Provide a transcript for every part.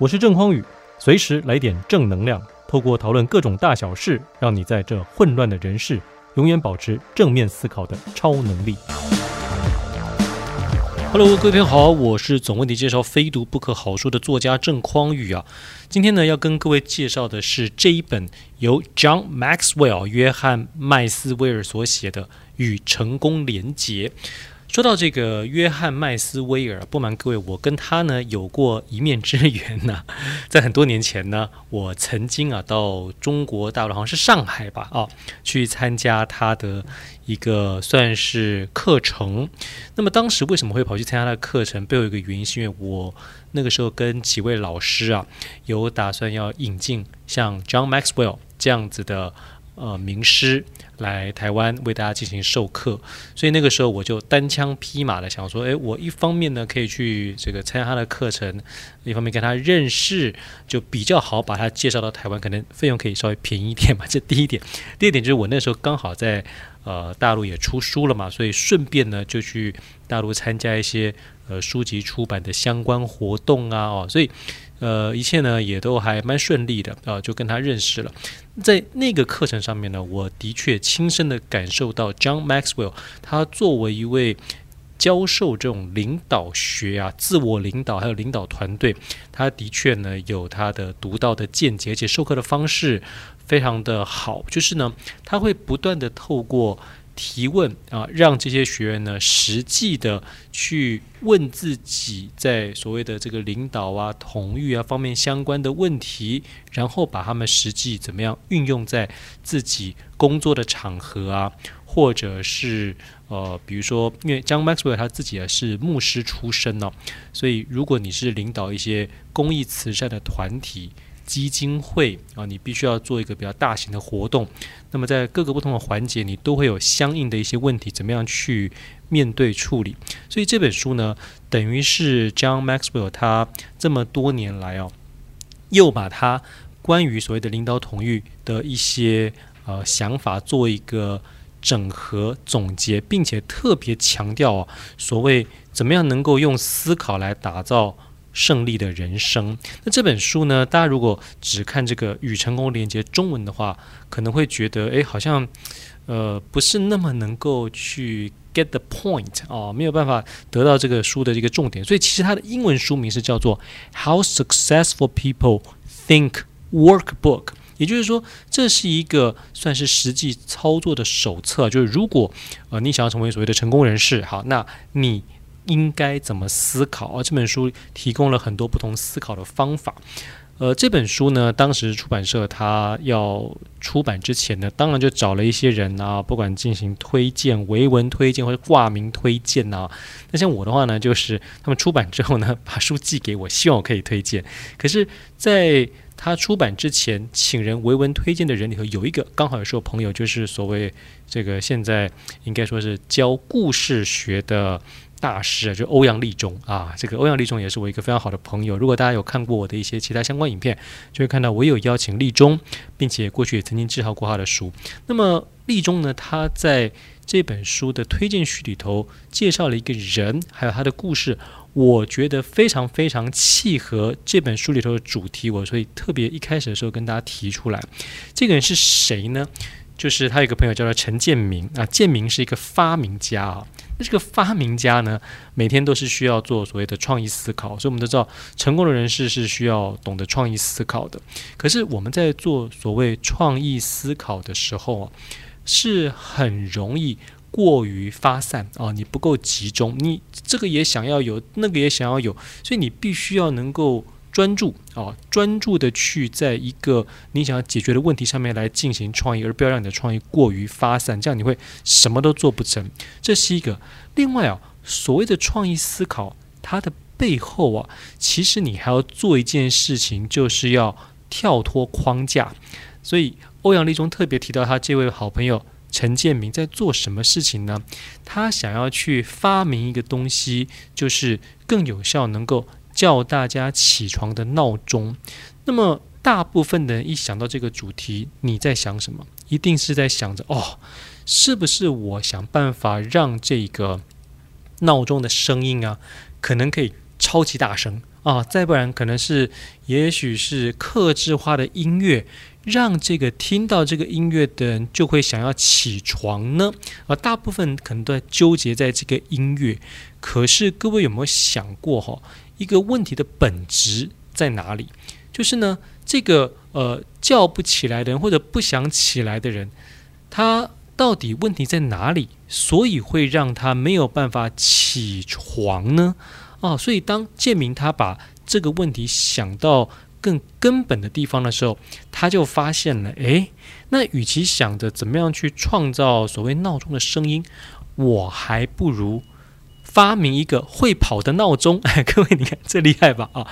我是鄭匡宇，隨時來點正能量。透過討論各種大小事，讓你在這混亂的人世，永遠保持正面思考的超能力。Hello，各位朋友好，我是總為你介紹非讀不可好書的作家鄭匡宇啊。今天呢，要跟各位介紹的是這一本由 John Maxwell 約翰麥斯威爾所寫的《與成功連結》。說到這個約翰麥斯威爾，不瞞各位，我跟他呢有過一面之緣啊，在很多年前呢，我曾經啊到中國大陸，好像是上海吧，啊，去參加他的一個算是課程。那麼當時為什麼會跑去參加他的課程？背後有一個原因，是因為我那個時候跟幾位老師啊有打算要引進像 John Maxwell 這樣子的。呃，名師來台灣為大家進行授課，所以那個時候我就單槍匹馬的想說，誒，我一方面呢可以去這個參加他的課程，一方面跟他認識，就比較好把他介紹到台灣，可能費用可以稍微便宜一點嘛。這第一點，第二點就是我那時候剛好在呃大陸也出書了嘛，所以順便呢就去大陸參加一些呃書籍出版的相關活動啊，哦，所以。呃，一切呢也都還蠻順利的啊，就跟他認識了。在那個課程上面呢，我的確親身的感受到，John Maxwell 他作為一位教授這種領導學啊、自我領導還有領導團隊，他的確呢有他的獨到的見解，而且授課的方式非常的好，就是呢他會不斷的透過提問啊，讓這些學員呢實際的去問自己在所謂的這個領導啊、統御啊方面相關的問題，然後把他們實際怎麼樣運用在自己工作的場合啊，或者是呃，比如說，因為 John Maxwell 他自己啊是牧師出身呢、哦，所以如果你是領導一些公益慈善的團體。基金會啊，你必須要做一個比較大型的活動，那麼在各個不同的環節，你都會有相應的一些問題，怎麼樣去面對處理？所以這本書呢，等於是 John Maxwell 他這麼多年來哦，又把他關於所謂的領導統御的一些呃想法做一個整合總結，並且特別強調啊、哦，所謂怎麼樣能夠用思考來打造。勝利的人生。那這本書呢，大家如果只看這個與成功連結中文的話，可能會覺得，哎，好像，呃，不是那麼能夠去 get the point 啊、哦，沒有辦法得到這個書的一個重點。所以其實它的英文書名是叫做《How Successful People Think Workbook》，也就是說，這是一個算是實際操作的手冊。就是如果呃，你想要成為所謂的成功人士，好，那你。應該怎麼思考？啊、哦，這本書提供了很多不同思考的方法。呃，這本書呢，當時出版社它要出版之前呢，當然就找了一些人啊，不管進行推薦、維文推薦或者掛名推薦吶、啊。那像我的話呢，就是他們出版之後呢，把書寄給我，希望我可以推薦。可是，在他出版之前，請人維文推薦的人裡頭，有一個剛好也是我朋友，就是所謂這個現在應該說是教故事學的。大師啊，就歐陽立中啊，這個歐陽立中也是我一個非常好的朋友。如果大家有看過我的一些其他相關影片，就會看到我有邀請立中，並且過去也曾經介紹過他的書。那麼立中呢，他在這本書的推薦序裡頭介紹了一個人，還有他的故事，我覺得非常非常契合這本書裡頭的主題，哦，我所以特別一開始的時候跟大家提出來，這個人是誰呢？就是他有一個朋友叫做陳建明啊，建明是一個發明家啊。那這個發明家呢，每天都是需要做所謂的創意思考。所以我們都知道，成功的人士是需要懂得創意思考的。可是我們在做所謂創意思考的時候啊，是很容易過於發散啊，你不夠集中，你這個也想要有，那個也想要有，所以你必須要能夠。專注啊，專注的去在一個你想要解決的問題上面來進行創意，而不要讓你的創意過於發散，這樣你會什麼都做不成。這是一個另外啊，所謂的創意思考，它的背後啊，其實你還要做一件事情，就是要跳脫框架。所以歐陽立中特別提到他這位好朋友陳建明，在做什麼事情呢？他想要去發明一個東西，就是更有效能夠。叫大家起床的鬧鐘，那麼大部分的人一想到這個主題，你在想什麼？一定是在想着哦，是不是我想辦法讓這個鬧鐘的聲音啊，可能可以超級大聲啊？再不然，可能是也許是客製化的音樂，讓這個聽到這個音樂的人就會想要起床呢？而、啊、大部分可能都在糾結在這個音樂，可是各位有沒有想過哈？一個問題的本質在哪裡？就是呢，這個呃叫不起來的人或者不想起來的人，他到底問題在哪裡？所以會讓他沒有辦法起床呢？哦，所以當建明他把這個問題想到更根本的地方的時候，他就發現了，誒，那與其想着怎麼樣去創造所謂鬧鐘的聲音，我還不如。發明一個會跑的鬧鐘，哎，各位，你看這厲害吧？啊、哦，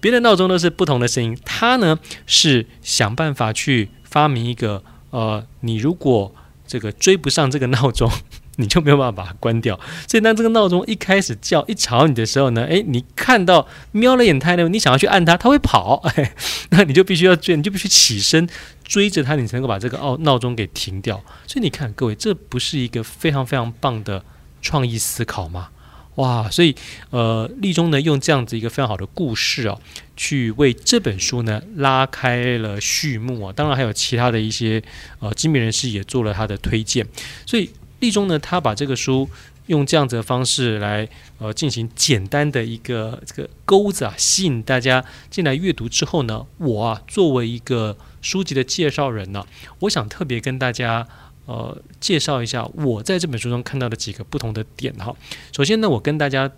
別的鬧鐘都是不同的聲音，它呢是想辦法去發明一個，呃，你如果這個追不上這個鬧鐘，你就沒有辦法把它關掉。所以當這個鬧鐘一開始叫一吵你的時候呢，哎，你看到瞄了眼它呢，你想要去按它，它會跑，哎，那你就必須要追，你就必須起身追着它，你才能夠把這個哦鬧鐘給停掉。所以你看，各位，這不是一個非常非常棒的創意思考嗎？哇，所以呃，立中呢用這樣子一個非常好的故事啊，去為這本書呢拉開了序幕啊。當然還有其他的一些呃知名人士也做了他的推薦。所以立中呢，他把這個書用這樣子的方式來呃進行簡單的一個這個鈎子啊，吸引大家進來閱讀之後呢，我啊作為一個書籍的介紹人呢，啊，我想特別跟大家。呃，介紹一下我在這本書中看到的幾個不同的點哈。首先呢，我跟大家。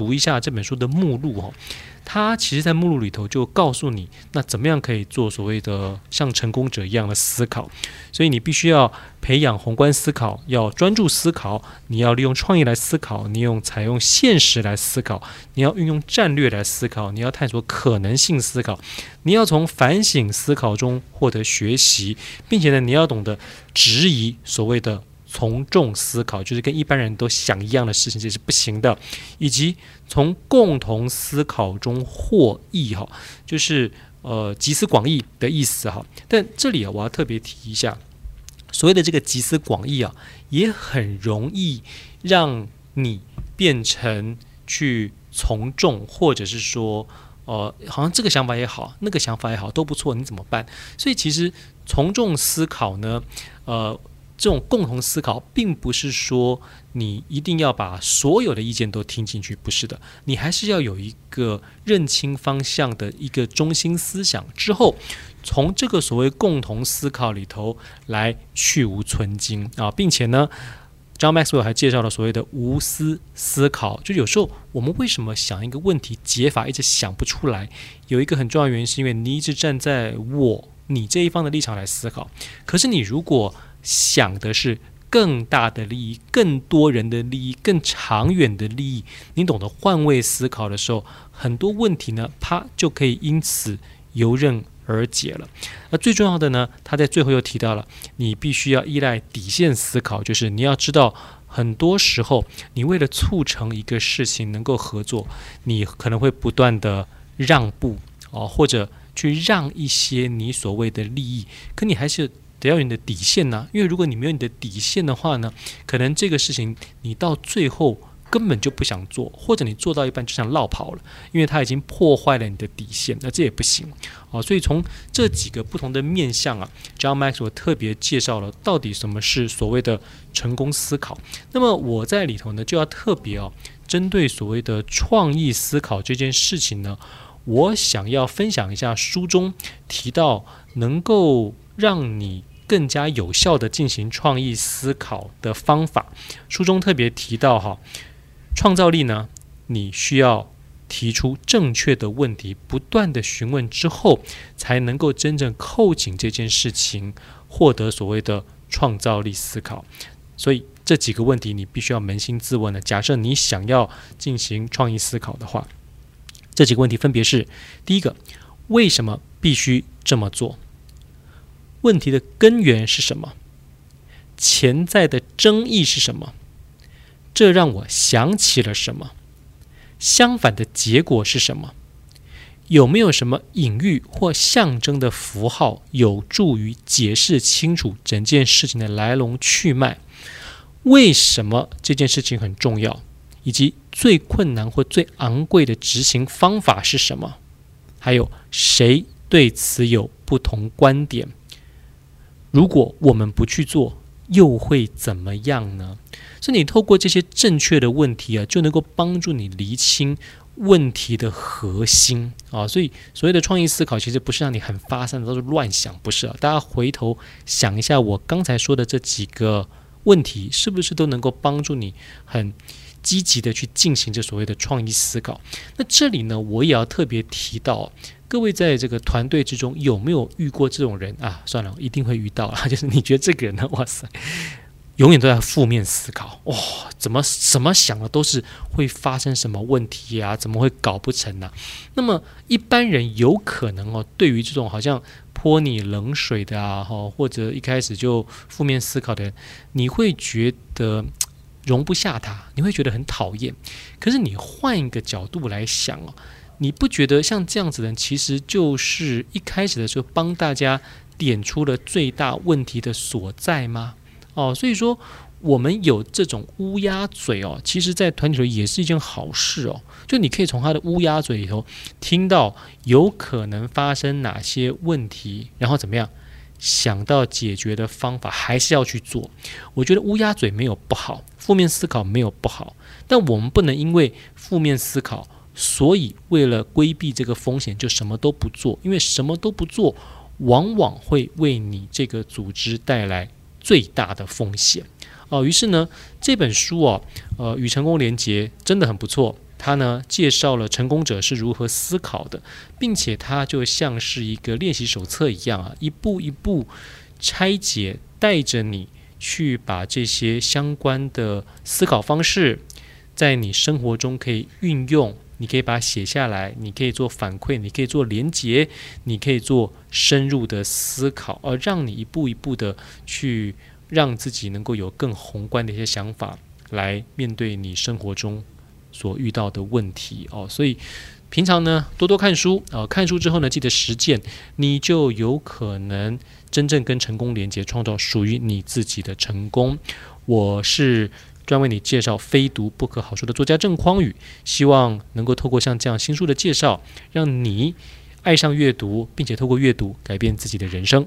讀一下這本書的目錄哈，它其實在目錄裡頭就告訴你，那怎麼樣可以做所謂的像成功者一樣的思考。所以你必須要培養宏觀思考，要專注思考，你要利用創意來思考，你用採用現實來思考，你要運用戰略來思考，你要探索可能性思考，你要從反省思考中獲得學習，並且呢，你要懂得質疑所謂的。從眾思考就是跟一般人都想一樣的事情，這是不行的，以及從共同思考中獲益哈，就是呃集思廣益的意思哈。但這裡啊，我要特別提一下，所謂的這個集思廣益啊，也很容易讓你變成去從眾，或者是說呃，好像這個想法也好，那個想法也好都不錯，你怎麼辦？所以其實從眾思考呢，呃。這種共同思考，並不是說你一定要把所有的意見都聽進去，不是的，你還是要有一個認清方向的一個中心思想之後，從這個所謂共同思考裡頭來去蕪存菁啊，並且呢，John Maxwell 還介紹了所謂的無私思考，就有時候我們為什麼想一個問題解法一直想不出來？有一個很重要的原因是因為你一直站在我你這一方的立場來思考，可是你如果想的是更大的利益、更多人的利益、更長遠的利益。你懂得換位思考的時候，很多問題呢，啪就可以因此迎刃而解了。那最重要的呢，他在最後又提到了，你必須要依賴底線思考，就是你要知道，很多時候你為了促成一個事情能夠合作，你可能會不斷地讓步哦，或者去讓一些你所謂的利益，可你還是，得要有你的底線呢、啊，因為如果你沒有你的底線的話呢，可能這個事情你到最後根本就不想做，或者你做到一半就想落跑了，因為它已經破壞了你的底線，那這也不行啊、哦。所以從這幾個不同的面向啊，John Maxwell 特別介紹了到底什麼是所謂的成功思考。那麼我在裡頭呢，就要特別哦，針對所謂的創意思考這件事情呢，我想要分享一下書中提到能夠讓你。更加有效地進行創意思考的方法，書中特別提到哈，創造力呢，你需要提出正確的問題，不斷地詢問之後，才能夠真正扣緊這件事情，獲得所謂的創造力思考。所以這幾個問題你必須要捫心自問了。假設你想要進行創意思考的話，這幾個問題分別是：第一個，為什麼必須這麼做？問題的根源是什麼？潛在的爭議是什麼？這讓我想起了什麼？相反的結果是什麼？有沒有什麼隱喻或象徵的符號有助於解釋清楚整件事情的來龍去脈？為什麼這件事情很重要？以及最困難或最昂貴的執行方法是什麼？還有誰對此有不同觀點？如果我們不去做，又會怎麼樣呢？所以你透過這些正確的問題啊，就能夠幫助你釐清問題的核心啊。所以所謂的創意思考，其實不是讓你很發散的都是亂想，不是啊。大家回頭想一下，我剛才說的這幾個問題，是不是都能夠幫助你很積極的去進行這所謂的創意思考？那這裡呢，我也要特別提到。各位在這個團隊之中有沒有遇過這種人啊？算了，一定會遇到啊。就是你覺得這個人呢，哇塞，永遠都在負面思考，哇、哦，怎麼怎麼想的都是會發生什麼問題啊？怎麼會搞不成呢、啊？那麼一般人有可能哦，對於這種好像潑你冷水的啊，哈，或者一開始就負面思考的人，你會覺得容不下他，你會覺得很討厭。可是你換一個角度來想哦。你不覺得像這樣子的人，其實就是一開始的時候幫大家點出了最大問題的所在嗎？哦，所以說我們有這種烏鴉嘴哦，其實，在團體裡也是一件好事哦。就你可以從他的烏鴉嘴裡頭聽到有可能發生哪些問題，然後怎麼樣想到解決的方法，還是要去做。我覺得烏鴉嘴沒有不好，負面思考沒有不好，但我們不能因為負面思考。所以，為了規避這個風險，就什麼都不做。因為什麼都不做，往往會為你這個組織帶來最大的風險。哦、呃，於是呢，這本書啊，呃，與成功連結真的很不錯。它呢，介紹了成功者是如何思考的，並且它就像是一個練習手冊一樣啊，一步一步拆解，帶着你去把這些相關的思考方式，在你生活中可以運用。你可以把它寫下來，你可以做反饋，你可以做連接，你可以做深入的思考，而，讓你一步一步的去讓自己能夠有更宏觀的一些想法來面對你生活中所遇到的問題，哦，所以平常呢，多多看書啊，呃，看書之後呢，記得實踐，你就有可能真正跟成功連接，創造屬於你自己的成功。我是。專為你介紹非讀不可好書的作家鄭匡宇，希望能夠透過像這樣新書的介紹，讓你愛上閱讀，並且透過閱讀改變自己的人生。